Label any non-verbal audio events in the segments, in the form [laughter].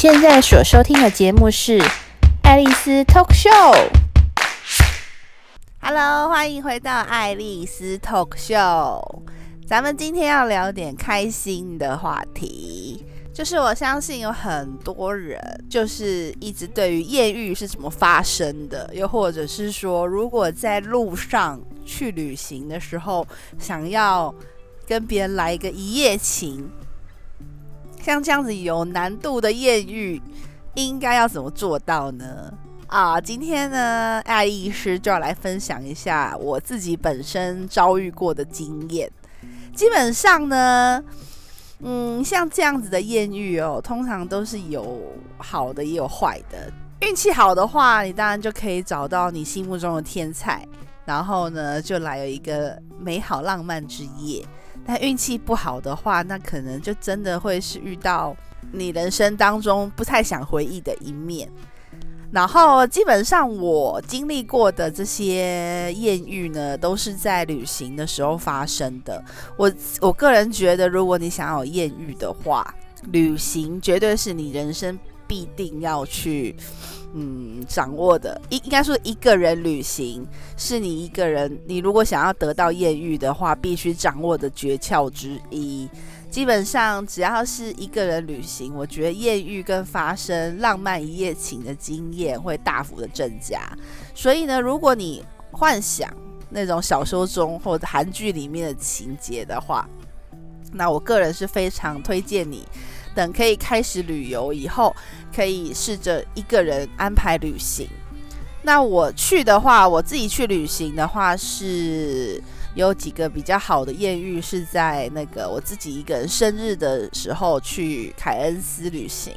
現在所收聽的節目是《愛麗絲 Talk Show》。Hello，歡迎回到《愛麗絲 Talk Show》。咱們今天要聊點開心的話題，就是我相信有很多人就是一直對於豔遇是怎麼發生的，又或者是說，如果在路上去旅行的時候，想要跟別人來一個一夜情。像這樣子有難度的艷遇，應該要怎麼做到呢？啊，今天呢，艾醫師就要來分享一下我自己本身遭遇過的經驗。基本上呢，嗯，像這樣子的艷遇哦，通常都是有好的也有壞的。運氣好的話，你當然就可以找到你心目中的天菜，然後呢，就來了一個美好浪漫之夜。但運氣不好的話，那可能就真的會是遇到你人生當中不太想回憶的一面。然後，基本上我經歷過的這些艷遇呢，都是在旅行的時候發生的。我我個人覺得，如果你想要有艷遇的話，旅行絕對是你人生必定要去。嗯，掌握的應該說，一個人旅行是你一個人，你如果想要得到豔遇的話，必須掌握的訣竅之一。基本上只要是一個人旅行，我覺得豔遇跟發生浪漫一夜情的經驗會大幅的增加。所以呢，如果你幻想那種小說中或者韓劇裡面的情節的話，那我個人是非常推薦你等可以開始旅遊以後。可以試着一個人安排旅行。那我去的話，我自己去旅行的話，是有幾個比較好的艷遇，是在那個我自己一個人生日的時候去凱恩斯旅行。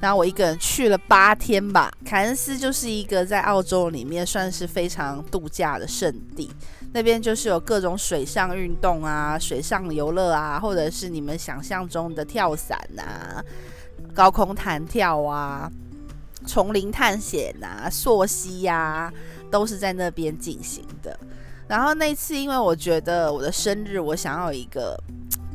那我一個人去了八天吧。凱恩斯就是一個在澳洲裡面算是非常度假的聖地，那邊就是有各種水上運動啊、水上遊樂啊，或者是你們想象中的跳傘啊。高空彈跳啊，叢林探險吶、啊，溯溪呀、啊，都是在那邊進行的。然後那次，因為我覺得我的生日，我想要有一個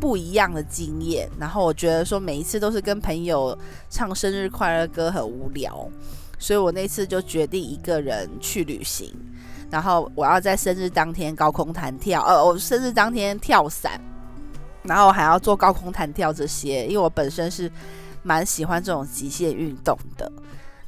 不一樣的經驗。然後我覺得說，每一次都是跟朋友唱生日快樂歌很無聊，所以我那次就決定一個人去旅行。然後我要在生日當天高空彈跳，呃、哦，我生日當天跳傘，然後我還要做高空彈跳這些，因為我本身是。蠻喜歡這種極限運動的。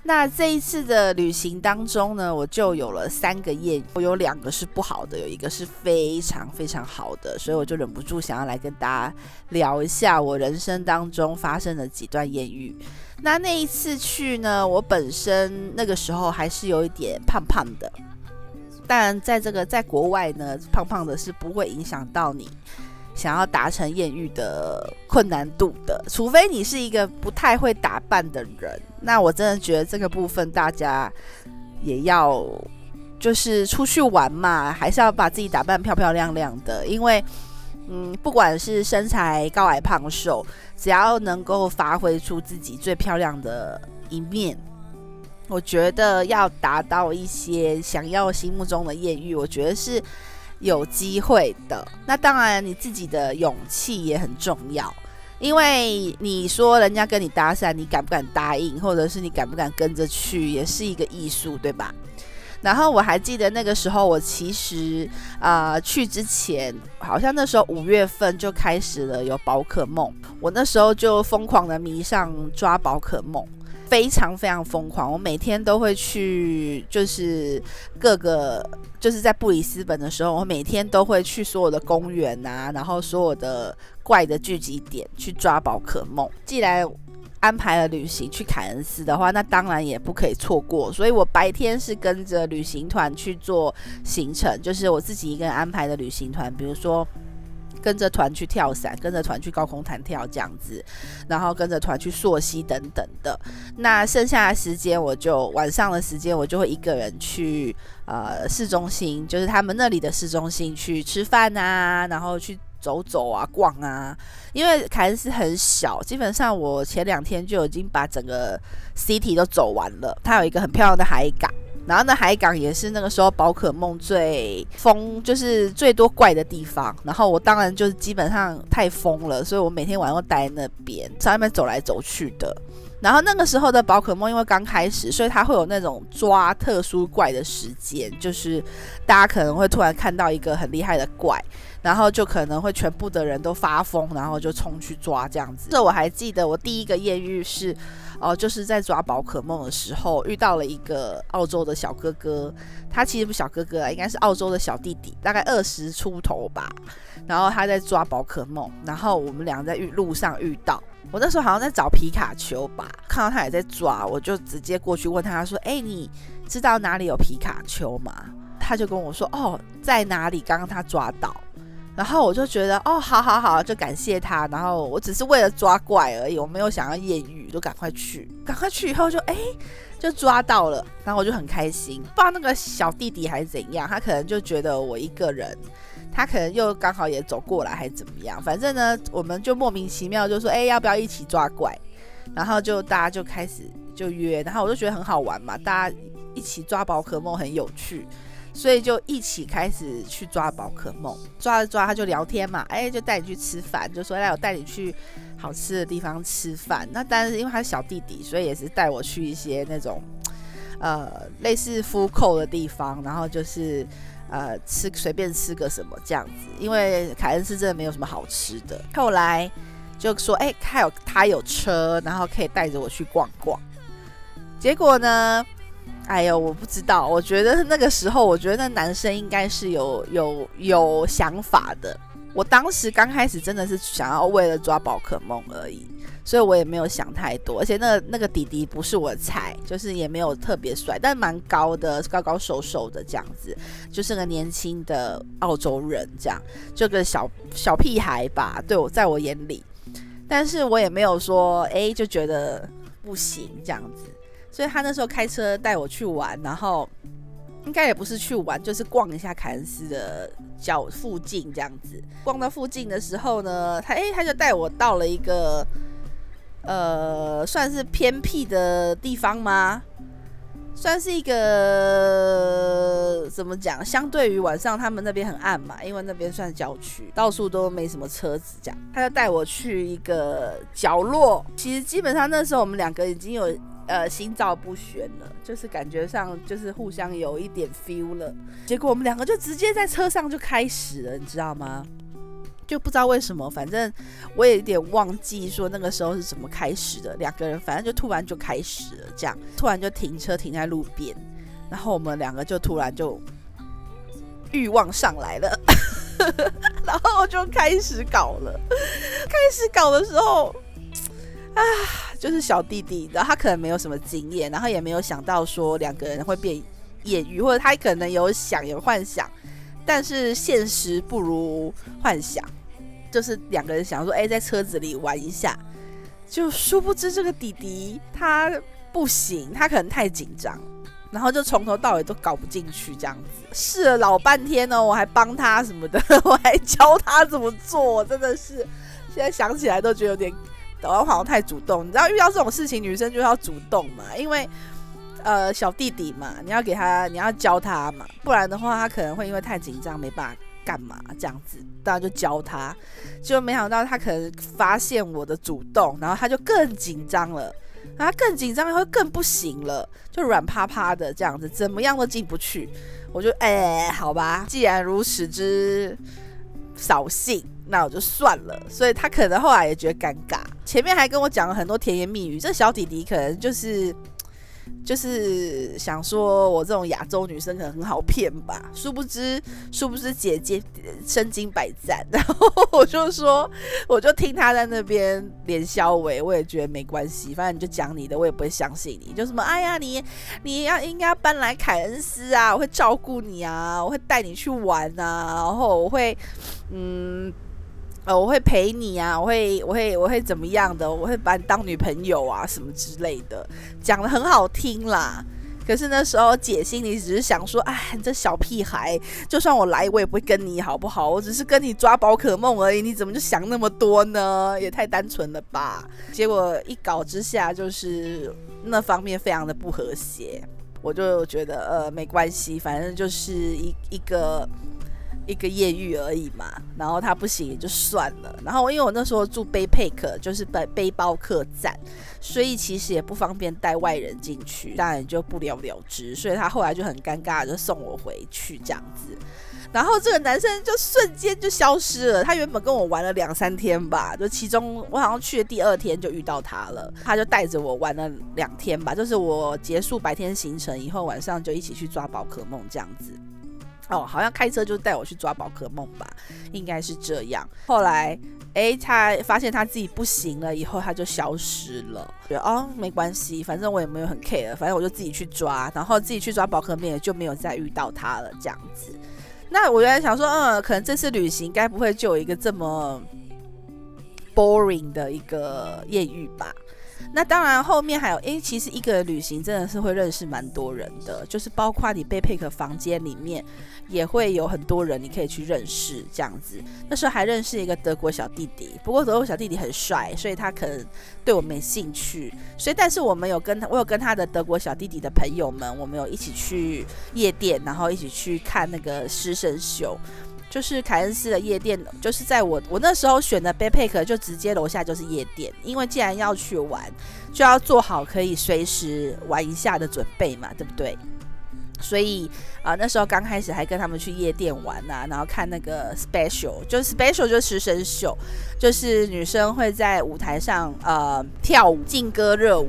那這一次的旅行當中呢，我就有了三個艷遇，我有兩個是不好的，有一個是非常非常好的，所以我就忍不住想要來跟大家聊一下我人生當中發生的幾段艷遇。那那一次去呢，我本身那個時候還是有一點胖胖的，但在這個在國外呢，胖胖的是不會影響到你。想要達成艷遇的困難度的，除非你是一個不太會打扮的人，那我真的覺得這個部分大家也要，就是出去玩嘛，還是要把自己打扮漂漂亮亮的，因為，嗯，不管是身材高矮胖瘦，只要能夠發揮出自己最漂亮的一面，我覺得要達到一些想要心目中的艷遇，我覺得是有機會的，那當然你自己的勇氣也很重要，因為你說人家跟你搭訕，你敢不敢答應，或者是你敢不敢跟着去，也是一個藝術，對吧？然後我還記得那個時候，我其實啊、呃、去之前，好像那時候五月份就開始了有寶可夢，我那時候就瘋狂的迷上抓寶可夢。非常非常瘋狂，我每天都會去，就是各個就是在布里斯本的時候，我每天都會去所有的公園啊，然後所有的怪的聚集點去抓寶可夢。既然安排了旅行去凱恩斯的話，那當然也不可以錯過。所以我白天是跟着旅行團去做行程，就是我自己一個人安排的旅行團，比如說。跟着團去跳傘，跟着團去高空彈跳這樣子，然後跟着團去溯溪等等的。那剩下的時間，我就晚上的時間，我就會一個人去呃市中心，就是他們那裡的市中心去吃飯啊，然後去走走啊、逛啊。因為凱恩斯很小，基本上我前兩天就已經把整個 city 都走完了。它有一個很漂亮的海港。然後那海港也是那個時候寶可夢最瘋，就是最多怪的地方。然後我當然就是基本上太瘋了，所以我每天晚上都待在那邊，在外面走來走去的。然後那個時候的寶可夢，因為剛開始，所以它會有那種抓特殊怪的時間，就是大家可能會突然看到一個很厲害的怪。然後就可能會全部的人都發瘋，然後就衝去抓這樣子。這我還記得，我第一個豔遇是，哦，就是在抓寶可夢的時候遇到了一個澳洲的小哥哥，他其實不小哥哥啊，應該是澳洲的小弟弟，大概二十出頭吧。然後他在抓寶可夢，然後我們倆在路上遇到，我那時候好像在找皮卡丘吧，看到他也在抓，我就直接過去問他說：“誒，你知道哪裡有皮卡丘嗎？”他就跟我說：“哦，在哪裡？剛剛他抓到。”然後我就覺得哦，好好好，就感謝他。然後我只是為了抓怪而已，我沒有想要艷遇，就趕快去，趕快去以後就哎、欸，就抓到了。然後我就很開心，不知道那個小弟弟還是怎樣，他可能就覺得我一個人，他可能又剛好也走過來還怎麼樣。反正呢，我們就莫名其妙就說哎、欸，要不要一起抓怪？然後就大家就開始就約，然後我就覺得很好玩嘛，大家一起抓寶可夢很有趣。所以就一起開始去抓寶可夢，抓着抓他就聊天嘛，哎、欸，就帶你去吃飯，就說來我帶你去好吃的地方吃飯。那但是因為他是小弟弟，所以也是帶我去一些那種，呃，類似 food court 的地方，然後就是呃吃隨便吃個什麼這樣子。因為凱恩斯真的沒有什麼好吃的。後來就說哎、欸，他有他有車，然後可以帶着我去逛逛。結果呢？哎呦，我不知道，我覺得那個時候，我覺得那男生應該是有有有想法的。我當時剛開始真的是想要為了抓寶可夢而已，所以我也沒有想太多。而且那個、那個弟弟，不是我菜，就是也沒有特別帥，但蠻高的，高高瘦瘦的這樣子，就是個年輕的澳洲人這樣，就跟小小屁孩吧。對，我在我眼裡，但是我也沒有說哎、欸、就覺得不行這樣子。所以他那時候開車帶我去玩，然後應該也不是去玩，就是逛一下凱恩斯的郊附近這樣子。逛到附近的時候呢，他、欸、誒，他就帶我到了一個呃算是偏僻的地方嗎？算是一個怎麼講？相對於晚上他們那邊很暗嘛，因為那邊算郊區，到處都沒什麼車子。這樣他就帶我去一個角落。其實基本上那時候我們兩個已經有，呃，心照不宣了，就是感覺上就是互相有一點 feel 了，結果我們兩個就直接在車上就開始了，你知道嗎？就不知道為什麼，反正我也有點忘記說那個時候是怎麼開始的，兩個人反正就突然就開始了，這樣突然就停車停在路邊，然後我們兩個就突然就慾望上來了， [laughs] 然後就開始搞了，開始搞的時候，啊。就是小弟弟，然後他可能沒有什麼經驗，然後也沒有想到說兩個人會變艷遇，或者他可能有想有幻想，但是現實不如幻想。就是兩個人想說，哎，在車子裡玩一下，就殊不知這個弟弟他不行，他可能太緊張，然後就從頭到尾都搞不進去這樣子，試了老半天呢、哦，我還幫他什麼的，我還教他怎麼做，真的是現在想起來都覺得有點。我好像太主動，你知道遇到這種事情，女生就要主動嘛，因為呃小弟弟嘛，你要給他，你要教他嘛，不然的話他可能會因為太緊張沒辦法幹嘛這樣子，大家就教他，就沒想到他可能發現我的主動，然後他就更緊張了，啊更緊張也會更不行了，就軟趴趴的這樣子，怎麼樣都進不去，我就哎、欸、好吧，既然如此之。掃興，那我就算了。所以他可能後來也覺得尷尬，前面還跟我講了很多甜言蜜語。這小弟弟可能就是。就是想說，我這種亞洲女生可能很好騙吧？殊不知，殊不知姐姐身經百戰。然後我就說，我就聽她在那邊練肖話，我也覺得沒關係，反正你就講你的，我也不會相信你。就什麼，哎呀，你你要應該搬來凱恩斯啊，我會照顧你啊，我會帶你去玩啊，然後我會，嗯。呃，我會陪你啊，我會，我會，我會怎麼樣的？我會把你當女朋友啊，什麼之類的，講得很好聽啦。可是那時候姐心裡只是想說，哎，你這小屁孩，就算我來我也不會跟你，好不好？我只是跟你抓寶可夢而已，你怎麼就想那麼多呢？也太單純了吧？結果一搞之下，就是那方面非常的不和諧。我就覺得，呃，沒關係，反正就是一一個。一個艷遇而已嘛，然後他不行也就算了。然後因為我那時候住背包客，就是背背包客棧，所以其實也不方便帶外人進去，當然就不了了之。所以他後來就很尷尬，就送我回去這樣子。然後這個男生就瞬間就消失了。他原本跟我玩了兩三天吧，就其中我好像去的第二天就遇到他了，他就帶着我玩了兩天吧，就是我結束白天行程以後，晚上就一起去抓寶可夢這樣子。哦，好像開車就帶我去抓寶可夢吧，應該是這樣。後來，哎、欸，他發現他自己不行了，以後他就消失了。覺得哦，沒關係，反正我也沒有很 care，反正我就自己去抓，然後自己去抓寶可夢，也就沒有再遇到他了。這樣子。那我原來想說，嗯，可能這次旅行該不會就有一個這麼 boring 的一個艷遇吧？那當然，後面還有，哎，其實一個旅行真的是會認識蠻多人的，就是包括你被配的房間裡面也會有很多人你可以去認識這樣子。那時候還認識一個德國小弟弟，不過德國小弟弟很帥，所以他可能對我沒興趣。所以，但是我們有跟他，我有跟他的德國小弟弟的朋友們，我們有一起去夜店，然後一起去看那個師生秀。就是凱恩斯的夜店，就是在我我那時候選的背包客，就直接樓下就是夜店。因為既然要去玩，就要做好可以隨時玩一下的準備嘛，對不對？所以啊、呃，那時候剛開始還跟他們去夜店玩吶、啊，然後看那個 special，就 special 就是濕身秀，就是女生會在舞台上呃跳舞，勁歌熱舞。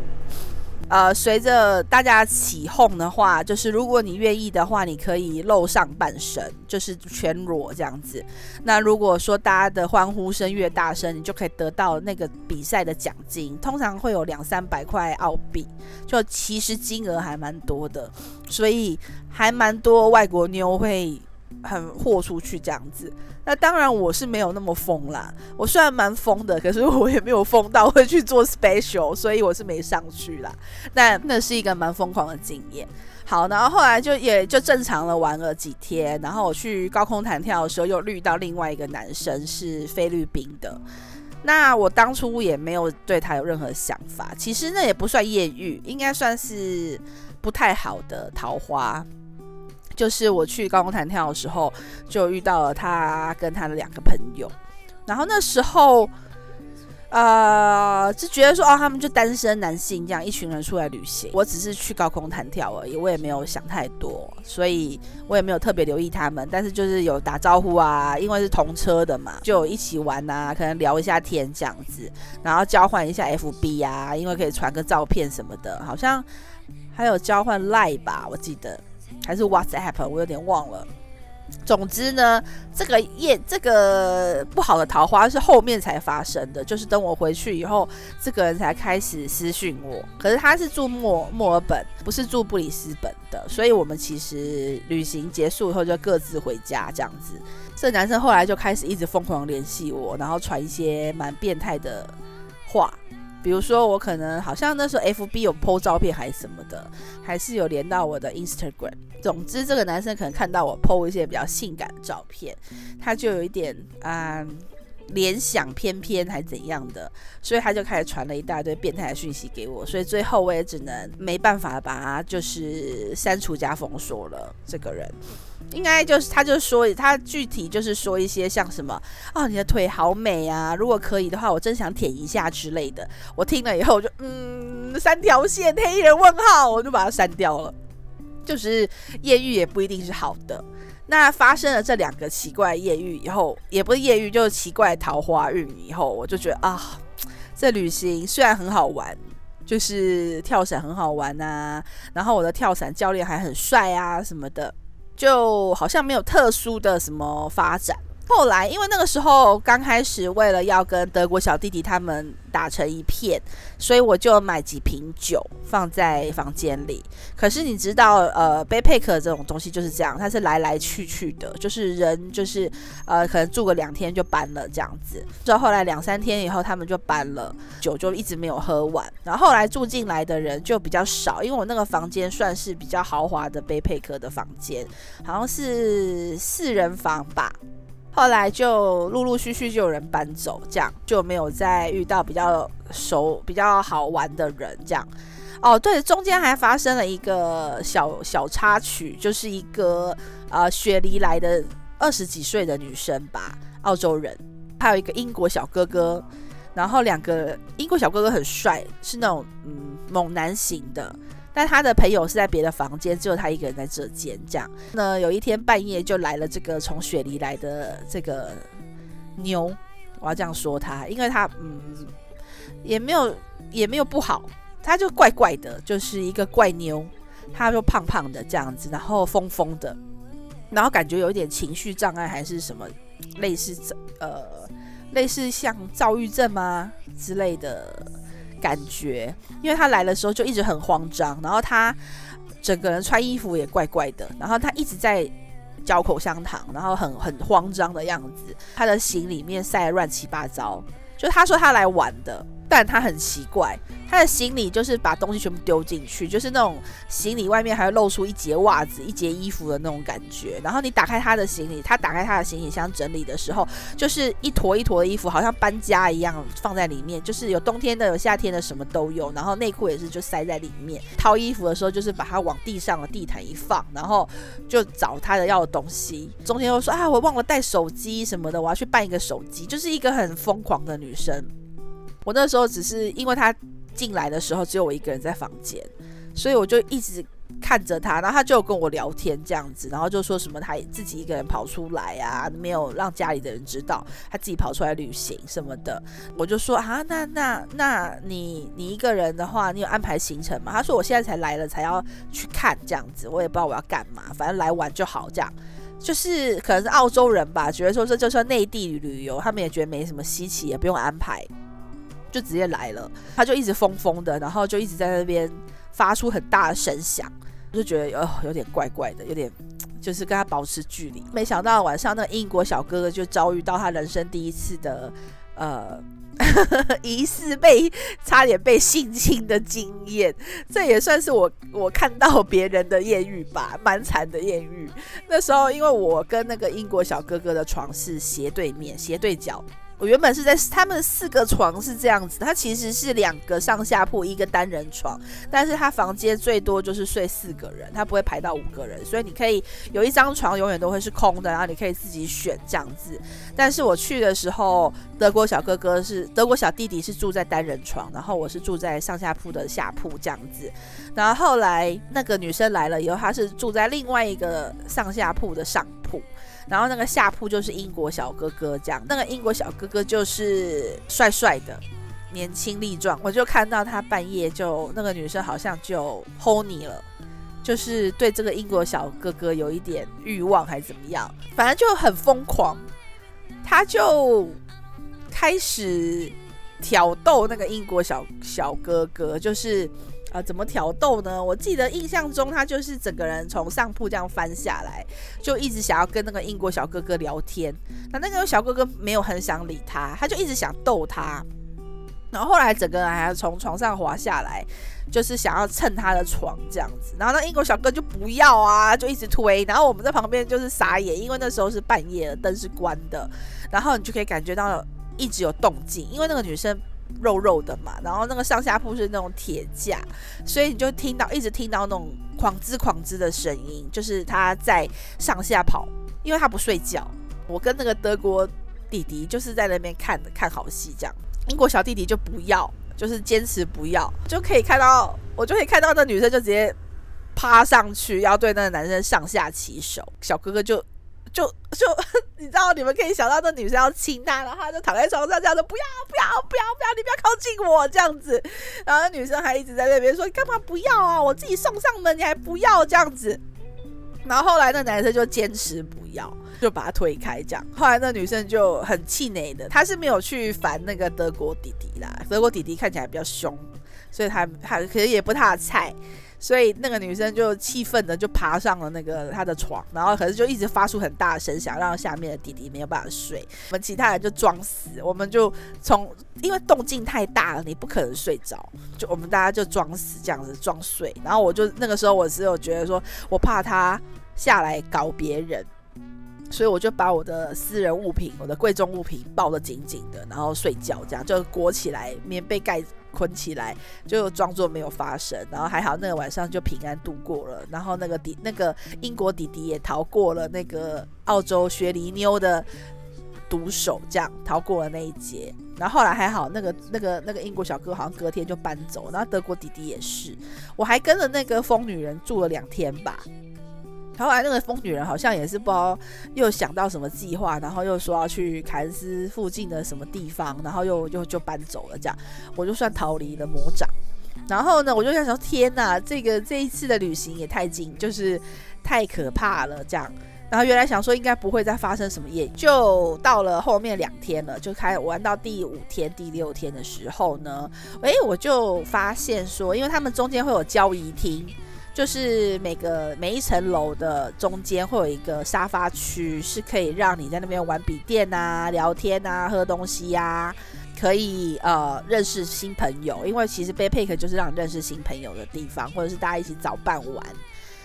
呃，隨着大家起哄的話，就是如果你願意的話，你可以露上半身，就是全裸這樣子。那如果說大家的歡呼聲越大聲，你就可以得到那個比賽的獎金，通常會有兩三百塊澳幣，就其實金額還蠻多的，所以還蠻多外國妞會。很豁出去這樣子，那當然我是沒有那麼瘋啦。我雖然蠻瘋的，可是我也沒有瘋到會去做 special，所以我是沒上去啦。那那是一個蠻瘋狂的經驗。好，然後後來就也就正常的玩了幾天。然後我去高空彈跳的時候，又遇到另外一個男生是菲律賓的。那我當初也沒有對他有任何想法。其實那也不算豔遇，應該算是不太好的桃花。就是我去高空彈跳的時候，就遇到了他跟他的兩個朋友，然後那時候，呃，就覺得說哦，他們就單身男性這樣一群人出來旅行，我只是去高空彈跳而已，我也沒有想太多，所以我也沒有特別留意他們，但是就是有打招呼啊，因為是同車的嘛，就一起玩吶、啊，可能聊一下天這樣子，然後交換一下 FB 啊，因為可以傳個照片什麼的，好像還有交換 LINE 吧，我記得。還是 WhatsApp，我有點忘了。總之呢，這個夜，這個不好的桃花是後面才發生的，就是等我回去以後，這個人才開始私訊我。可是他是住墨墨爾本，不是住布里斯本的，所以我們其實旅行結束以後就各自回家這樣子。這個男生後來就開始一直瘋狂聯繫我，然後傳一些蠻變態的話。比如說，我可能好像那時候 FB 有 PO 照片還是什麼的，還是有連到我的 Instagram。總之，這個男生可能看到我 PO 一些比較性感的照片，他就有一點嗯。聯想翩翩還是怎樣的，所以他就開始傳了一大堆變態的訊息給我，所以最後我也只能沒辦法把他就是刪除加封鎖了。這個人應該就是他，就說他具體就是說一些像什麼啊、哦，你的腿好美啊，如果可以的話，我真想舔一下之類的。我聽了以後，我就嗯，三條線，黑人問號，我就把他刪掉了。就是豔遇也不一定是好的。那發生了這兩個奇怪艷遇以後，也不是艷遇，就是奇怪桃花運以後，我就覺得啊，這旅行雖然很好玩，就是跳傘很好玩啊，然後我的跳傘教練還很帥啊什麼的，就好像沒有特殊的什麼發展。後來，因為那個時候剛開始，為了要跟德國小弟弟他們打成一片，所以我就買幾瓶酒放在房間裡。可是你知道，呃，背包客這種東西就是這樣，它是來來去去的，就是人就是呃，可能住個兩天就搬了這樣子。之後後來兩三天以後，他們就搬了，酒就一直沒有喝完。然後後來住進來的人就比較少，因為我那個房間算是比較豪華的背包客的房間，好像是四人房吧。後來就陸陸續續就有人搬走，這樣就沒有再遇到比較熟、比較好玩的人。這樣哦，對，中間還發生了一個小小插曲，就是一個呃雪梨來的二十幾歲的女生吧，澳洲人，還有一個英國小哥哥，然後兩個英國小哥哥很帥，是那種嗯猛男型的。但他的朋友是在別的房間，只有他一個人在這間。這樣，那有一天半夜就來了這個從雪梨來的這個妞，我要這樣說他，因為他嗯，也沒有也沒有不好，他就怪怪的，就是一個怪妞。他就胖胖的這樣子，然後瘋瘋的，然後感覺有一點情緒障礙還是什麼類似呃類似像躁鬱症嗎之類的。感覺，因為他來的時候就一直很慌張，然後他整個人穿衣服也怪怪的，然後他一直在嚼口香糖，然後很很慌張的樣子，他的行李面塞亂七八糟，就他說他來玩的。但他很奇怪，他的行李就是把東西全部丢進去，就是那種行李外面還會露出一截襪子、一截衣服的那種感覺。然後你打開他的行李，他打開他的行李箱整理的時候，就是一坨一坨的衣服，好像搬家一樣放在裡面，就是有冬天的、有夏天的，什麼都有。然後內褲也是就塞在裡面，掏衣服的時候就是把它往地上的地毯一放，然後就找他的要的東西。中間又說啊，我忘了帶手機什麼的，我要去辦一個手機，就是一個很瘋狂的女生。我那時候只是因為他進來的時候只有我一個人在房間，所以我就一直看着他，然後他就有跟我聊天這樣子，然後就說什麼他自己一個人跑出來啊，沒有讓家裡的人知道，他自己跑出來旅行什麼的。我就說啊，那那那你你一個人的話，你有安排行程嗎？他說我現在才來了，才要去看這樣子，我也不知道我要幹嘛，反正來玩就好這樣。就是可能是澳洲人吧，覺得說這就算內地旅遊，他們也覺得沒什麼稀奇，也不用安排。就直接來了，他就一直瘋瘋的，然後就一直在那邊發出很大的聲響，我就覺得呃、哦、有點怪怪的，有點就是跟他保持距離。沒想到晚上那英國小哥哥就遭遇到他人生第一次的呃 [laughs] 疑似被差點被性侵的經驗，這也算是我我看到別人的豔遇吧，蠻慘的豔遇。那時候因為我跟那個英國小哥哥的床是斜對面，斜對角。我原本是在他們四個床是這樣子，他其實是兩個上下鋪，一個單人床，但是他房間最多就是睡四個人，他不會排到五個人，所以你可以有一張床永遠都會是空的，然後你可以自己選這樣子。但是我去的時候，德國小哥哥是德國小弟弟是住在單人床，然後我是住在上下鋪的下鋪這樣子，然後後來那個女生來了以後，她是住在另外一個上下鋪的上鋪。然後那個下鋪就是英國小哥哥，這樣，那個英國小哥哥就是帥帥的，年輕力壯。我就看到他半夜就那個女生好像就 honey 了，就是對這個英國小哥哥有一點欲望還是怎麼樣，反正就很瘋狂，他就開始挑逗那個英國小小哥哥，就是。呃，怎麼挑逗呢？我記得印象中，他就是整個人從上鋪這樣翻下來，就一直想要跟那個英國小哥哥聊天。那那個小哥哥沒有很想理他，他就一直想逗他。然後後來整個人還要從床上滑下來，就是想要蹭他的床這樣子。然後那英國小哥就不要啊，就一直推。然後我們在旁邊就是傻眼，因為那時候是半夜，燈是關的，然後你就可以感覺到一直有動靜，因為那個女生。肉肉的嘛，然後那個上下鋪是那種鐵架，所以你就聽到一直聽到那種狂吱狂吱的聲音，就是他在上下跑，因為他不睡覺。我跟那個德國弟弟就是在那邊看看好戲這樣，英國小弟弟就不要，就是堅持不要，就可以看到我就可以看到那女生就直接趴上去要對那個男生上下其手，小哥哥就。就就你知道，你們可以想到，那女生要親他，然後他就躺在床上，這樣子，不要不要不要不要，你不要靠近我，這樣子。然後那女生還一直在那邊說，幹嘛不要啊？我自己送上門，你還不要這樣子。然後後來那男生就堅持不要，就把他推開，這樣後來那女生就很氣餒的，她是沒有去煩那個德國弟弟啦。德國弟弟看起來比較凶，所以她他，他可能也不太菜。所以那個女生就氣憤的就爬上了那個她的床，然後可是就一直發出很大的聲響，讓下面的弟弟沒有辦法睡。我們其他人就裝死，我們就從因為動靜太大了，你不可能睡着，就我們大家就裝死這樣子裝睡。然後我就那個時候我只有覺得說我怕他下來搞別人，所以我就把我的私人物品、我的貴重物品抱得緊緊的，然後睡覺，這樣就裹起來，棉被蓋。捆起來，就裝作沒有發生，然後還好那個晚上就平安度過了，然後那個弟那個英國弟弟也逃過了那個澳洲雪梨妞的毒手，這樣逃過了那一劫。然後後來還好那個那個那個英國小哥好像隔天就搬走，然後德國弟弟也是，我還跟了那個瘋女人住了兩天吧。然後後來那個瘋女人好像也是不知道又想到什麼計劃，然後又說要去凱恩斯附近的什麼地方，然後又又就搬走了這樣，我就算逃離了魔掌。然後呢，我就在想說，天哪，這個這一次的旅行也太驚，就是太可怕了這樣。然後原來想說應該不會再發生什麼，也就到了後面兩天了，就開始玩到第五天、第六天的時候呢，誒，我就發現說，因為他們中間會有交誼廳。就是每個每一層樓的中間會有一個沙發區，是可以讓你在那邊玩筆電啊、聊天啊、喝東西呀、啊，可以呃認識新朋友。因為其實背包客就是讓你認識新朋友的地方，或者是大家一起找伴玩。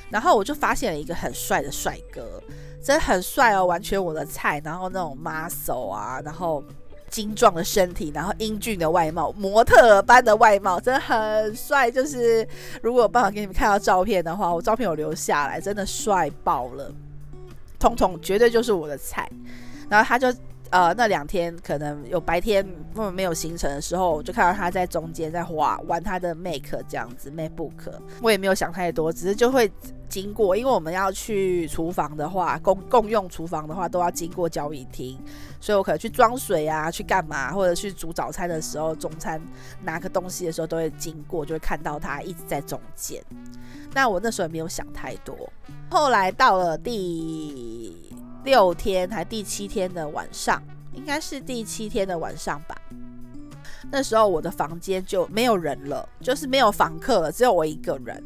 然後我就發現了一個很帥的帥哥，真的很帥哦，完全我的菜。然後那種 muscle 啊，然後。精壯的身體，然後英俊的外貌，模特般的外貌，真的很帥。就是如果有辦法給你們看到照片的話，我照片有留下來，真的帥爆了。通通絕對就是我的菜，然後他就。呃，那兩天可能有白天我們沒有行程的時候，我就看到他在中間在玩玩他的 Mac 這樣子 MacBook 我也沒有想太多，只是就會經過，因為我們要去廚房的話，共共用廚房的話都要經過交易廳，所以我可能去裝水啊，去幹嘛，或者去煮早餐的時候、中餐拿個東西的時候都會經過，就會看到他一直在中間。那我那時候也沒有想太多，後來到了第。六天還第七天的晚上，應該是第七天的晚上吧。那時候我的房間就沒有人了，就是沒有房客了，只有我一個人。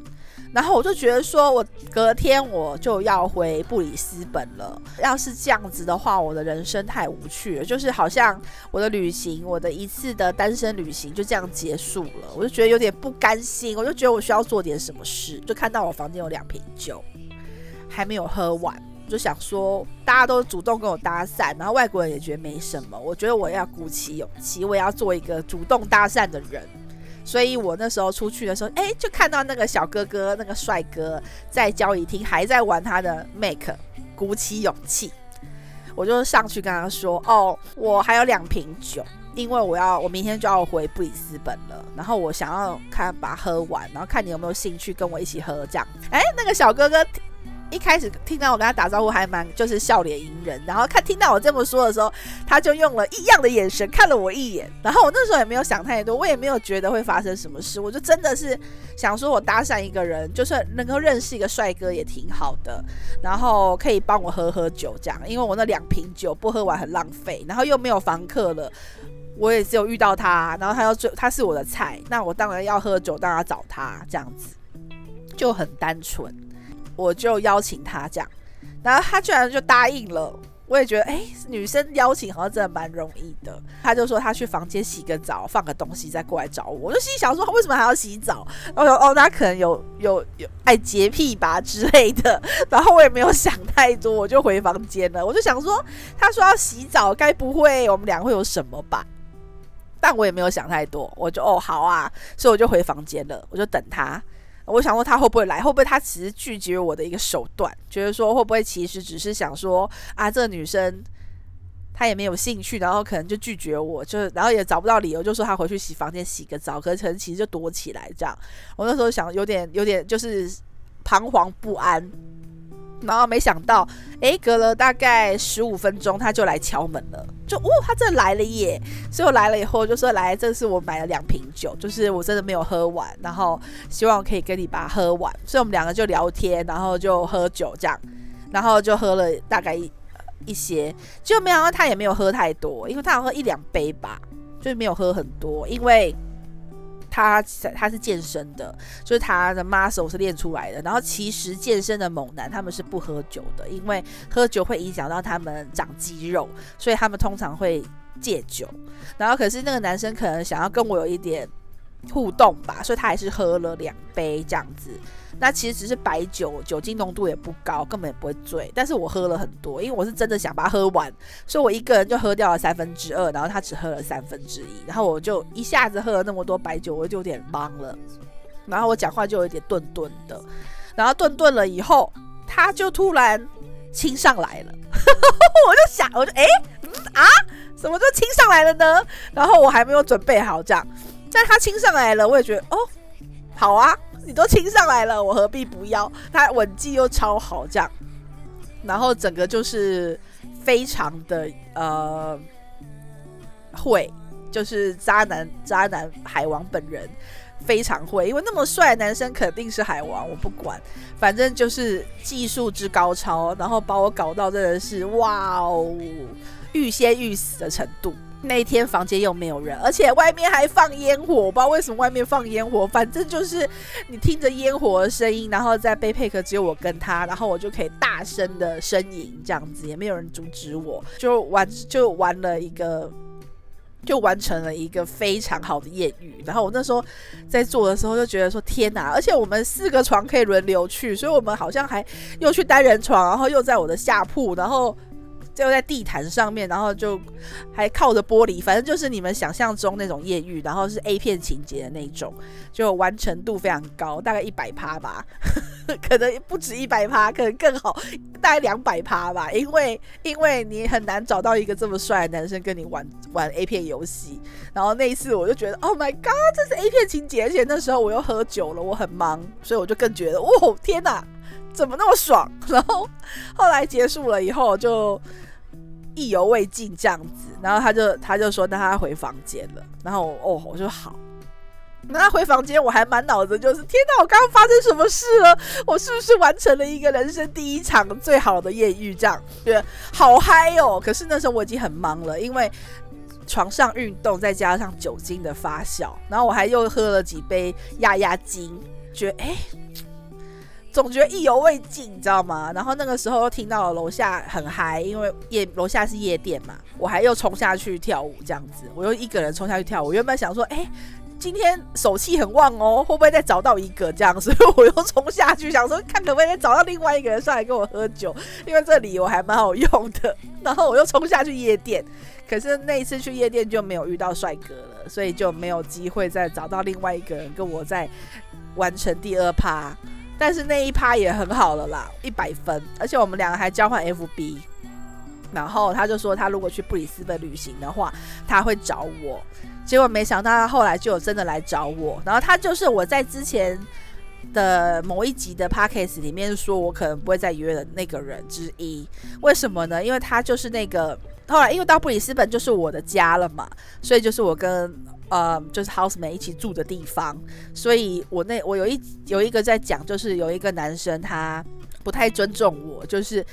然後我就覺得說，我隔天我就要回布里斯本了。要是這樣子的話，我的人生太無趣了，就是好像我的旅行，我的一次的單身旅行就這樣結束了。我就覺得有點不甘心，我就覺得我需要做點什麼事。就看到我房間有兩瓶酒，還沒有喝完。就想說，大家都主動跟我搭訕，然後外國人也覺得沒什麼。我覺得我要鼓起勇氣，我也要做一個主動搭訕的人。所以我那時候出去的時候，哎、欸，就看到那個小哥哥，那個帥哥在交誼廳還在玩他的 Mac，鼓起勇氣，我就上去跟他說：“哦，我還有兩瓶酒，因為我要我明天就要回布里斯本了，然後我想要看把它喝完，然後看你有沒有興趣跟我一起喝這樣。欸”哎，那個小哥哥。一開始聽到我跟他打招呼，還蠻就是笑臉迎人，然後看聽到我這麼說的時候，他就用了異樣的眼神看了我一眼。然後我那時候也沒有想太多，我也沒有覺得會發生什麼事，我就真的是想說我搭訕一個人，就算能夠認識一個帥哥也挺好的，然後可以幫我喝喝酒這樣，因為我那兩瓶酒不喝完很浪費，然後又沒有房客了，我也只有遇到他，然後他又做他是我的菜，那我當然要喝酒，當然要找他這樣子就很單純。我就邀請他這樣，然後他居然就答應了。我也覺得，哎，女生邀請好像真的蠻容易的。他就說他去房間洗個澡，放個東西再過來找我。我就心裡想說，他為什麼還要洗澡？然後說：‘哦，那他可能有有有有愛潔癖吧之類的。然後我也沒有想太多，我就回房間了。我就想說，他說要洗澡，該不會我們兩個會有什麼吧？但我也沒有想太多，我就哦好啊，所以我就回房間了，我就等他。我想問他會不會來？會不會他其實拒絕我的一個手段？覺得說會不會其實只是想說啊，這女生她也沒有興趣，然後可能就拒絕我，就然後也找不到理由，就說他回去洗房間洗個澡，可是可能其實就躲起來這樣。我那時候想有點有點就是彷徨不安。然後沒想到，誒，隔了大概十五分鐘，他就來敲門了。就哦，他真的來了耶！所以我來了以後就說：“來，這是我買了兩瓶酒，就是我真的沒有喝完，然後希望可以跟你把它喝完。”所以，我們兩個就聊天，然後就喝酒這樣，然後就喝了大概一些，就沒想到他也沒有喝太多，因為他好像喝一兩杯吧，就沒有喝很多，因為。他他是健身的，就是他的 muscle 是練出來的。然後其實健身的猛男他們是不喝酒的，因為喝酒會影響到他們長肌肉，所以他們通常會戒酒。然後可是那個男生可能想要跟我有一點互動吧，所以他還是喝了兩杯這樣子。那其實只是白酒，酒精濃度也不高，根本也不會醉。但是我喝了很多，因為我是真的想把它喝完，所以我一個人就喝掉了三分之二，3, 然後他只喝了三分之一，3, 然後我就一下子喝了那麼多白酒，我就有點茫了。然後我講話就有點頓頓的，然後頓頓了以後，他就突然親上來了， [laughs] 我就想，我就誒、欸嗯、啊，怎麼就親上來了呢？然後我還沒有準備好這樣。但他親上來了，我也覺得哦，好啊，你都親上來了，我何必不要？他吻技又超好，這樣，然後整個就是非常的呃，會，就是渣男渣男海王本人非常會，因為那麼帥的男生肯定是海王，我不管，反正就是技術之高超，然後把我搞到真的是哇哦，欲仙欲死的程度。那一天房間又沒有人，而且外面還放煙火，我不知道為什麼外面放煙火。反正就是你聽着煙火的聲音，然後在背包客，只有我跟他，然後我就可以大聲的呻吟這樣子，也沒有人阻止我，就玩就玩了一個，就完成了一個非常好的艷遇。然後我那時候在做的時候就覺得說天哪，而且我們四個床可以輪流去，所以我們好像還又去單人床，然後又在我的下鋪，然後。就在地毯上面，然後就還靠着玻璃，反正就是你們想象中那種艷遇，然後是 A 片情節的那種，就完成度非常高，大概一百趴吧， [laughs] 可能不止一百趴，可能更好，大概兩百趴吧，因為因為你很難找到一個這麼帥的男生跟你玩玩 A 片遊戲，然後那一次我就覺得，Oh my God，這是 A 片情節，而且那時候我又喝酒了，我很忙，所以我就更覺得，哦天哪！怎麼那麼爽？然後後來結束了以後我就意猶未盡這樣子。然後他就他就說：“那他回房間了。然後我哦我”然後哦，我說：“好。”那他回房間，我還滿腦子就是：“天哪！我剛剛發生什麼事了？我是不是完成了一個人生第一場最好的豔遇？這樣覺得好嗨哦！”可是那時候我已經很忙了，因為床上運動再加上酒精的發酵，然後我還又喝了幾杯壓壓驚，覺得哎。總覺得意猶未盡，你知道嗎？然後那個時候又聽到樓下很嗨，因為夜樓下是夜店嘛，我還又衝下去跳舞這樣子。我又一個人衝下去跳舞。原本想說，哎、欸，今天手氣很旺哦、喔，會不會再找到一個這樣子？所以我又衝下去想說，看可不可以找到另外一個人上來跟我喝酒，因為這理由還蠻好用的。然後我又衝下去夜店，可是那一次去夜店就沒有遇到帥哥了，所以就沒有機會再找到另外一個人跟我再完成第二趴。但是那一趴也很好了啦，一百分。而且我們兩個還交換 FB，然後他就說他如果去布里斯本旅行的話，他會找我。結果沒想到他後來就有真的來找我。然後他就是我在之前的某一集的 podcast 裡面說我可能不會再約的那個人之一。為什麼呢？因為他就是那個後來因為到布里斯本就是我的家了嘛，所以就是我跟。呃、嗯，就是 housemate 一起住的地方，所以我那我有一有一個在講，就是有一個男生他不太尊重我，就是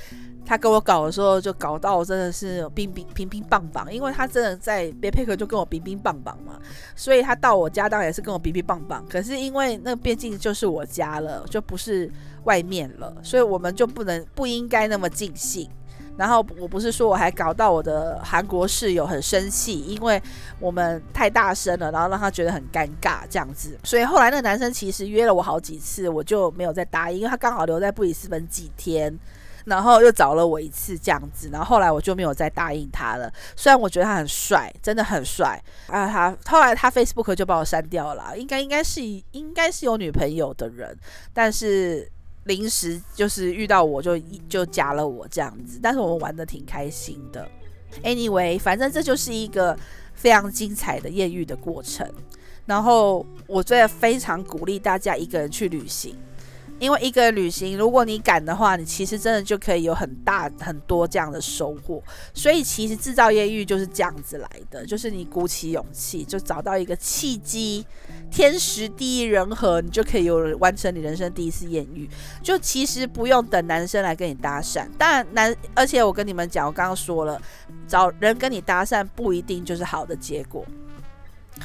他跟我搞的時候就搞到真的是乒乒乒乒乓乓，因為他真的在 Baker 就跟我乒乒乓乓嘛，所以他到我家當然也是跟我乒乒乓乓，可是因為那個畢竟就是我家了，就不是外面了，所以我們就不能不應該那麼盡興。然後我不是說我還搞到我的韓國室友很生氣，因為我們太大聲了，然後讓他覺得很尷尬這樣子。所以後來那個男生其實約了我好幾次，我就沒有再答應，因為他剛好留在布里斯本幾天，然後又找了我一次這樣子，然後後來我就沒有再答應他了。雖然我覺得他很帥，真的很帥啊！他後來他 Facebook 就把我刪掉了，應該應該是應該是有女朋友的人，但是。臨時就是遇到我就就加了我這樣子，但是我們玩得挺開心的。Anyway，反正這就是一個非常精彩的豔遇的過程。然後我最非常鼓勵大家一個人去旅行。因為一個旅行，如果你敢的話，你其實真的就可以有很大很多這樣的收穫。所以其實製造艷遇就是這樣子來的，就是你鼓起勇氣，就找到一個契機，天時地利人和，你就可以有完成你人生第一次艷遇。就其實不用等男生來跟你搭訕，但男而且我跟你們講，我剛剛說了，找人跟你搭訕不一定就是好的結果，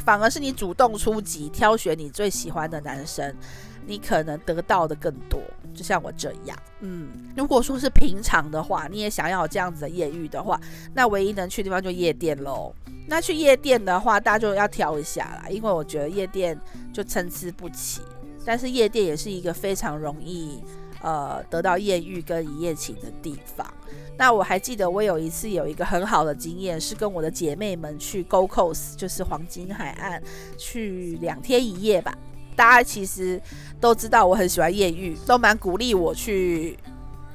反而是你主動出擊，挑選你最喜歡的男生。你可能得到的更多，就像我這樣。嗯，如果說是平常的話，你也想要這樣子的艷遇的話，那唯一能去的地方就夜店嘍。那去夜店的話，大家就要挑一下啦，因為我覺得夜店就參差不齊。但是夜店也是一個非常容易呃得到艷遇跟一夜情的地方。那我還記得我有一次有一個很好的經驗，是跟我的姐妹們去 Gold Coast，就是黃金海岸，去兩天一夜吧。大家其實都知道我很喜歡艷遇，都蠻鼓勵我去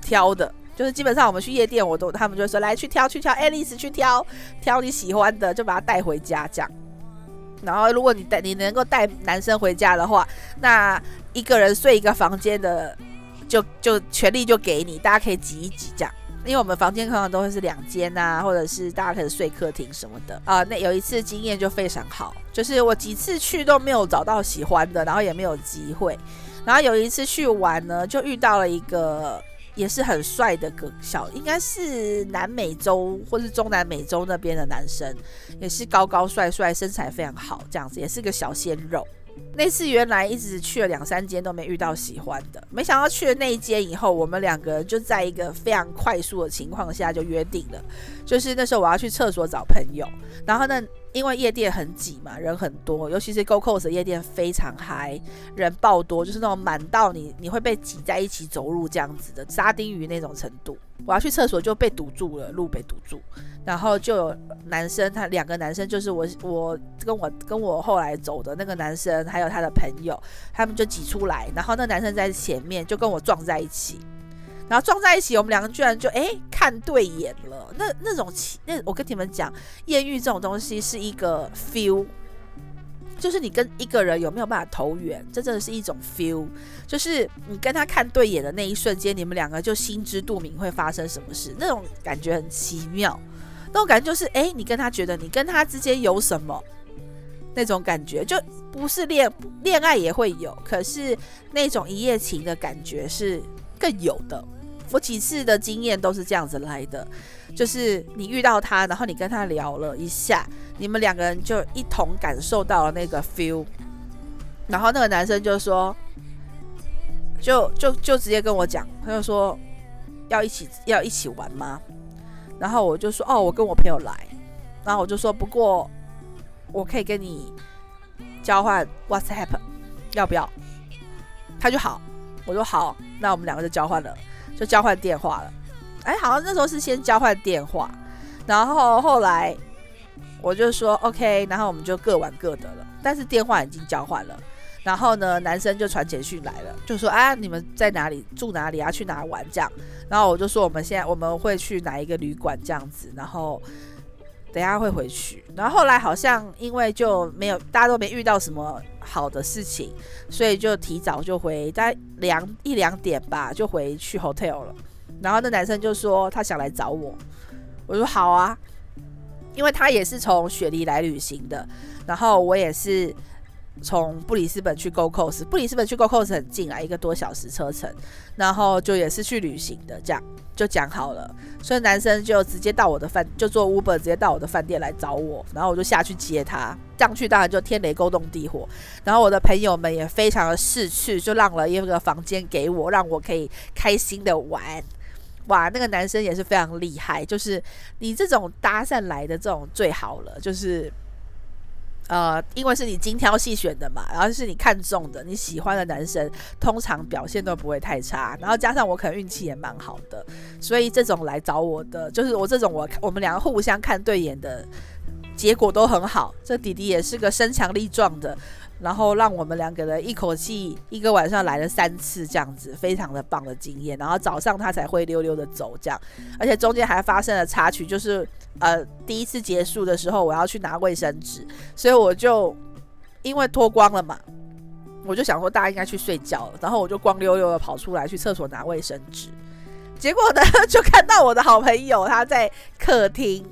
挑的。就是基本上我們去夜店，我都他們就說，來去挑去挑，愛麗絲去挑，挑你喜歡的就把它帶回家這樣。然後如果你帶你能夠帶男生回家的話，那一個人睡一個房間的就，就就權利就給你，大家可以擠一擠這樣。因為我們房間通常都會是兩間啊，或者是大家可以睡客廳什麼的啊，呃。那有一次經驗就非常好，就是我幾次去都沒有找到喜歡的，然後也沒有機會。然後有一次去玩呢，就遇到了一個也是很帥的個小，應該是南美洲或是中南美洲那邊的男生，也是高高帥帥，身材非常好，這樣子也是個小鮮肉。那次原來一直去了兩三間都沒遇到喜歡的，沒想到去了那一間以後，我們兩個人就在一個非常快速的情況下就約定了。就是那時候我要去廁所找朋友，然後呢，因為夜店很擠嘛，人很多，尤其是 Gold Coast 夜店非常嗨，人爆多，就是那種滿到你你會被擠在一起走路這樣子的，沙丁魚那種程度。我要去廁所就被堵住了，路被堵住，然後就有男生，他兩個男生就是我我跟我跟我後來走的那個男生，還有他的朋友，他們就擠出來，然後那男生在前面就跟我撞在一起，然後撞在一起，我們兩個居然就誒看對眼了，那那種情，那我跟你們講，豔遇這種東西是一個 feel。就是你跟一個人有沒有辦法投緣，這真的是一種 feel。就是你跟他看對眼的那一瞬間，你們兩個就心知肚明會發生什麼事，那種感覺很奇妙。那種感覺就是，哎、欸，你跟他覺得你跟他之間有什麼那種感覺，就不是戀戀愛也會有，可是那種一夜情的感覺是更有的。我幾次的經驗都是這樣子來的，就是你遇到他，然後你跟他聊了一下，你們兩個人就一同感受到了那個 feel，然後那個男生就說，就就就直接跟我講，他就說要一起要一起玩嗎？然後我就說哦，我跟我朋友來，然後我就說不過我可以跟你交換 WhatsApp，要不要？他就好，我說好，那我們兩個就交換了。就交換電話了，哎、欸，好像那時候是先交換電話，然後後來我就說 OK，然後我們就各玩各的了。但是電話已經交換了，然後呢，男生就傳簡訊來了，就說啊，你們在哪裡住哪裡啊，去哪玩這樣。然後我就說我們現在我們會去哪一個旅館這樣子，然後。等一下會回去，然後後來好像因為就沒有大家都沒遇到什麼好的事情，所以就提早就回，大概兩一兩點吧，就回去 hotel 了。然後那男生就說他想來找我，我說好啊，因為他也是從雪梨來旅行的，然後我也是。從布里斯本去 Gold Coast 布里斯本去 Gold Coast 很近啊，一個多小時車程，然後就也是去旅行的，這樣就講好了。所以男生就直接到我的飯，就坐 Uber 直接到我的飯店來找我，然後我就下去接他，上去當然就天雷勾動地火。然後我的朋友們也非常的識趣，就讓了一個房間給我，讓我可以開心的玩。哇，那個男生也是非常厲害，就是你這種搭訕來的這種最好了，就是。呃，因為是你精挑細選的嘛，然後是你看中的、你喜歡的男生，通常表現都不會太差。然後加上我可能運氣也蠻好的，所以這種來找我的，就是我這種我我們兩個互相看對眼的結果都很好。這弟弟也是個身強力壯的。然後讓我們兩個人一口氣一個晚上來了三次，這樣子非常的棒的經驗。然後早上他才灰溜溜的走，這樣，而且中間還發生了插曲，就是呃第一次結束的時候，我要去拿衛生紙，所以我就因為脫光了嘛，我就想說大家應該去睡覺了，然後我就光溜溜的跑出來去廁所拿衛生紙，結果呢就看到我的好朋友他在客廳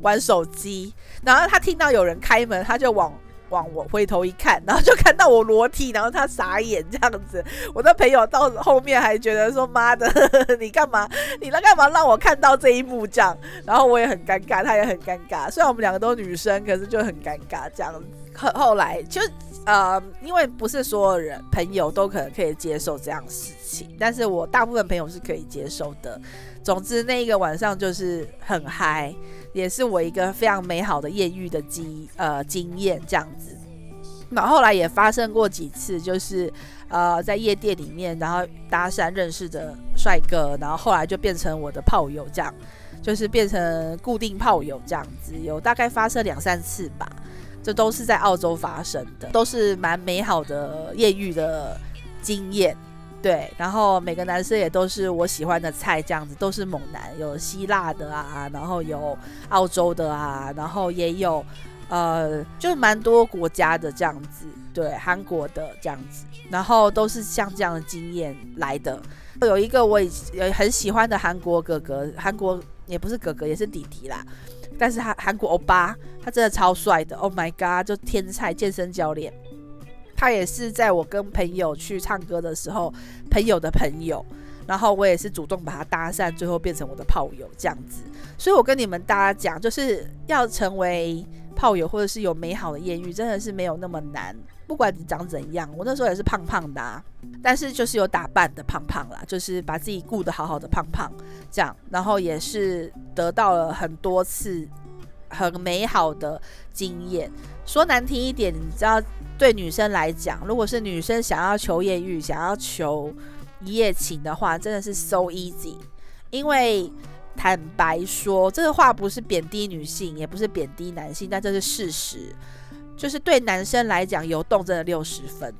玩手機，然後他聽到有人開門，他就往。往我回頭一看，然後就看到我裸體，然後他傻眼這樣子。我的朋友到後面還覺得說：“媽的，呵呵你幹嘛？你那幹嘛讓我看到這一幕？”這樣，然後我也很尷尬，他也很尷尬。雖然我們兩個都是女生，可是就很尷尬這樣。後後來就呃，因為不是所有人朋友都可能可以接受這樣的事情，但是我大部分朋友是可以接受的。總之，那一個晚上就是很嗨。也是我一個非常美好的豔遇的經呃經驗這樣子，那後，後來也發生過幾次，就是呃在夜店裡面，然後搭訕認識的帥哥，然後後來就變成我的炮友這樣，就是變成固定炮友這樣子，有大概發生兩三次吧，這都是在澳洲發生的，都是蠻美好的豔遇的經驗。對，然後每個男生也都是我喜歡的菜，這樣子都是猛男，有希臘的啊，然後有澳洲的啊，然後也有，呃，就蠻多國家的這樣子，對，韓國的這樣子，然後都是像這樣的經驗來的。有一個我已也很喜歡的韓國哥哥，韓國也不是哥哥，也是弟弟啦，但是他韓國歐巴，他真的超帥的，Oh my God，就天菜健身教練。他也是在我跟朋友去唱歌的時候，朋友的朋友，然後我也是主動把他搭訕，最後變成我的炮友這樣子。所以我跟你們大家講，就是要成為炮友或者是有美好的豔遇，真的是沒有那麼難。不管你長怎樣，我那時候也是胖胖的啊，但是就是有打扮的胖胖啦，就是把自己顧得好好的胖胖這樣，然後也是得到了很多次。很美好的經驗。說難聽一點，你知道，對女生來講，如果是女生想要求艷遇、想要求一夜情的話，真的是 so easy。因為坦白說，這個話不是貶低女性，也不是貶低男性，但這是事實。就是對男生來講，有動真的六十分。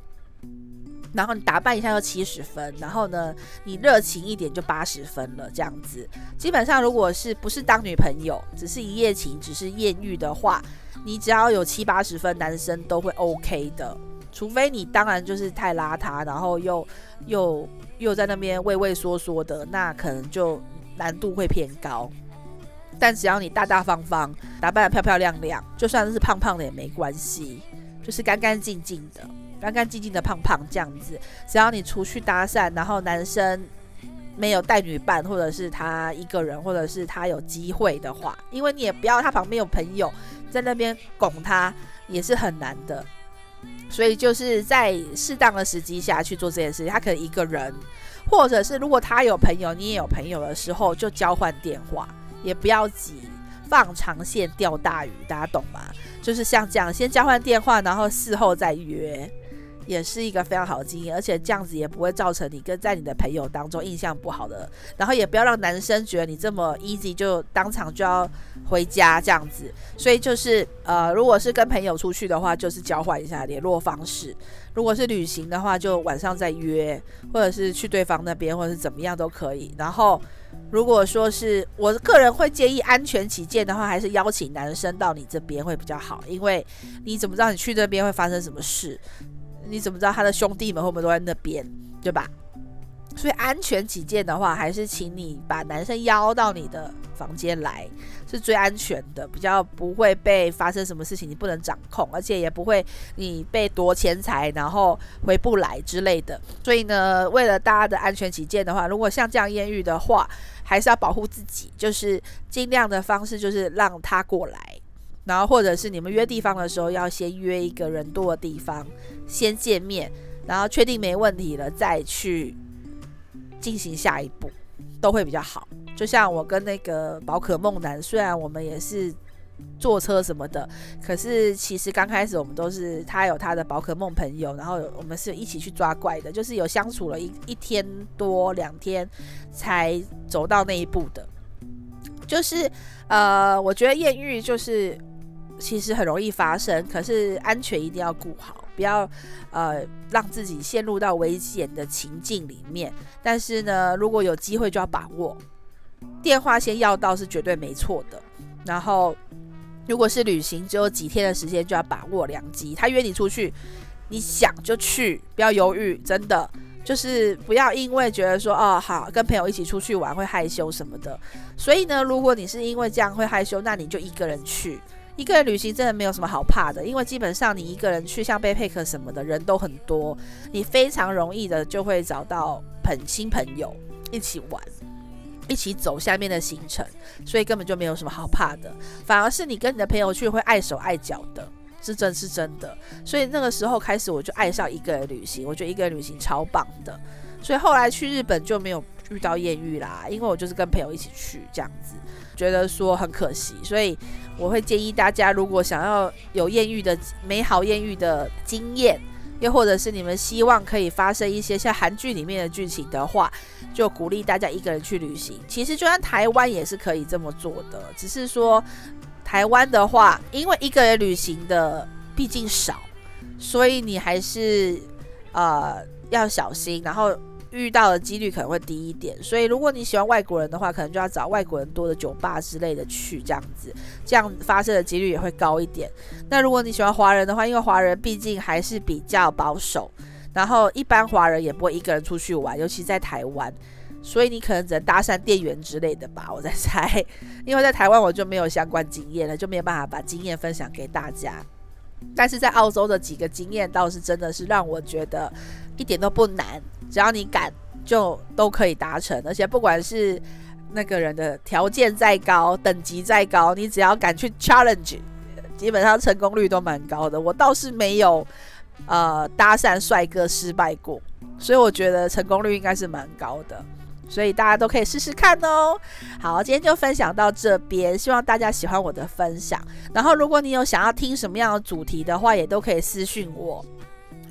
然後你打扮一下就七十分，然後呢，你熱情一點就八十分了，這樣子。基本上如果是不是當女朋友，只是一夜情，只是豔遇的話，你只要有七八十分，男生都會 OK 的。除非你當然就是太邋遢，然後又又又在那邊畏畏縮縮的，那可能就難度會偏高。但只要你大大方方，打扮得漂漂亮亮，就算是胖胖的也沒關係，就是乾乾淨淨的。乾乾淨淨的胖胖這樣子，只要你出去搭訕，然後男生沒有帶女伴，或者是他一個人，或者是他有機會的話，因為你也不要他旁邊有朋友在那邊拱他，也是很難的。所以就是在適當的時機下去做這件事情。他可能一個人，或者是如果他有朋友，你也有朋友的時候，就交換電話，也不要急，放長線釣大魚，大家懂嗎？就是像這樣，先交換電話，然後事後再約。也是一個非常好的經驗，而且這樣子也不會造成你跟在你的朋友當中印象不好的，然後也不要讓男生覺得你這麼 easy 就當場就要回家這樣子。所以就是呃，如果是跟朋友出去的話，就是交換一下聯絡方式；如果是旅行的話，就晚上再約，或者是去對方那邊，或者是怎麼樣都可以。然後如果說是我個人會建議安全起見的話，還是邀請男生到你這邊會比較好，因為你怎麼知道你去那邊會發生什麼事？你怎麼知道他的兄弟們會不會都在那邊，對吧？所以安全起見的話，還是請你把男生邀到你的房間來，是最安全的，比較不會被發生什麼事情，你不能掌控，而且也不會你被奪錢財，然後回不來之類的。所以呢，為了大家的安全起見的話，如果像這樣艷遇的話，還是要保護自己，就是盡量的方式就是讓他過來。然後，或者是你們約地方的時候，要先約一個人多的地方先見面，然後確定沒問題了再去進行下一步，都會比較好。就像我跟那個寶可夢男，雖然我們也是坐車什麼的，可是其實剛開始我們都是他有他的寶可夢朋友，然後我們是一起去抓怪的，就是有相處了一一天多兩天才走到那一步的。就是呃，我覺得艷遇就是。其實很容易發生，可是安全一定要顧好，不要呃讓自己陷入到危險的情境裡面。但是呢，如果有機會就要把握，電話先要到是絕對沒錯的。然後如果是旅行，只有幾天的時間就要把握良機。他約你出去，你想就去，不要猶豫，真的就是不要因為覺得說哦，好跟朋友一起出去玩會害羞什麼的。所以呢，如果你是因為這樣會害羞，那你就一個人去。一個人旅行真的沒有什麼好怕的，因為基本上你一個人去，像背包客什麼的，人都很多，你非常容易的就會找到很新朋友一起玩，一起走下面的行程，所以根本就沒有什麼好怕的。反而是你跟你的朋友去會礙手礙腳的，是真，是真的。所以那個時候開始，我就愛上一個人旅行，我覺得一個人旅行超棒的。所以後來去日本就沒有遇到豔遇啦，因為我就是跟朋友一起去這樣子。覺得說很可惜，所以我會建議大家，如果想要有豔遇的美好豔遇的經驗，又或者是你們希望可以發生一些像韓劇裡面的劇情的話，就鼓勵大家一個人去旅行。其實就算台灣也是可以這麼做的，只是說台灣的話，因為一個人旅行的畢竟少，所以你還是呃要小心，然後。遇到的幾率可能會低一點，所以如果你喜歡外國人的話，可能就要找外國人多的酒吧之類的去，這樣子，這樣發生的幾率也會高一點。那如果你喜歡華人的話，因為華人畢竟還是比較保守，然後一般華人也不會一個人出去玩，尤其在台灣，所以你可能只能搭訕店員之類的吧，我在猜。因為在台灣我就沒有相關經驗了，就沒有辦法把經驗分享給大家。但是在澳洲的幾個經驗倒是真的是讓我覺得一點都不難。只要你敢，就都可以達成。而且不管是那個人的條件再高，等級再高，你只要敢去 challenge，基本上成功率都蠻高的。我倒是沒有呃搭訕帥哥失敗過，所以我覺得成功率應該是蠻高的。所以大家都可以試試看哦。好，今天就分享到這邊，希望大家喜歡我的分享。然後如果你有想要聽什麼樣的主題的話，也都可以私訊我。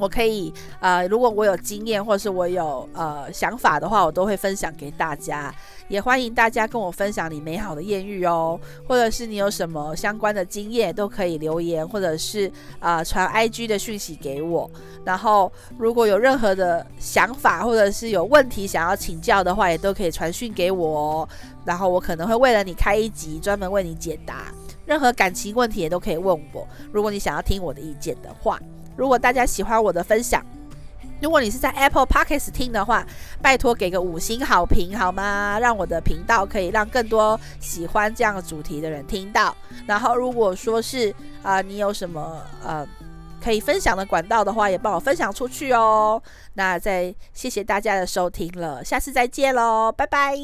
我可以，呃，如果我有經驗或是我有呃想法的話，我都會分享給大家。也歡迎大家跟我分享你美好的豔遇哦，或者是你有什麼相關的經驗，都可以留言，或者是啊傳，呃，IG 的訊息給我。然後如果有任何的想法或者是有問題想要請教的話，也都可以傳訊給我哦。然後我可能會為了你開一集，專門為你解答任何感情問題，也都可以問我。如果你想要聽我的意見的話。如果大家喜歡我的分享，如果你是在 Apple Podcast 聽的話，拜托給個五星好評好嗎？讓我的頻道可以讓更多喜歡這樣主題的人聽到。然後，如果說是啊、呃，你有什麼呃可以分享的管道的話，也幫我分享出去哦。那再謝謝大家的收聽了，下次再見嘍，拜拜。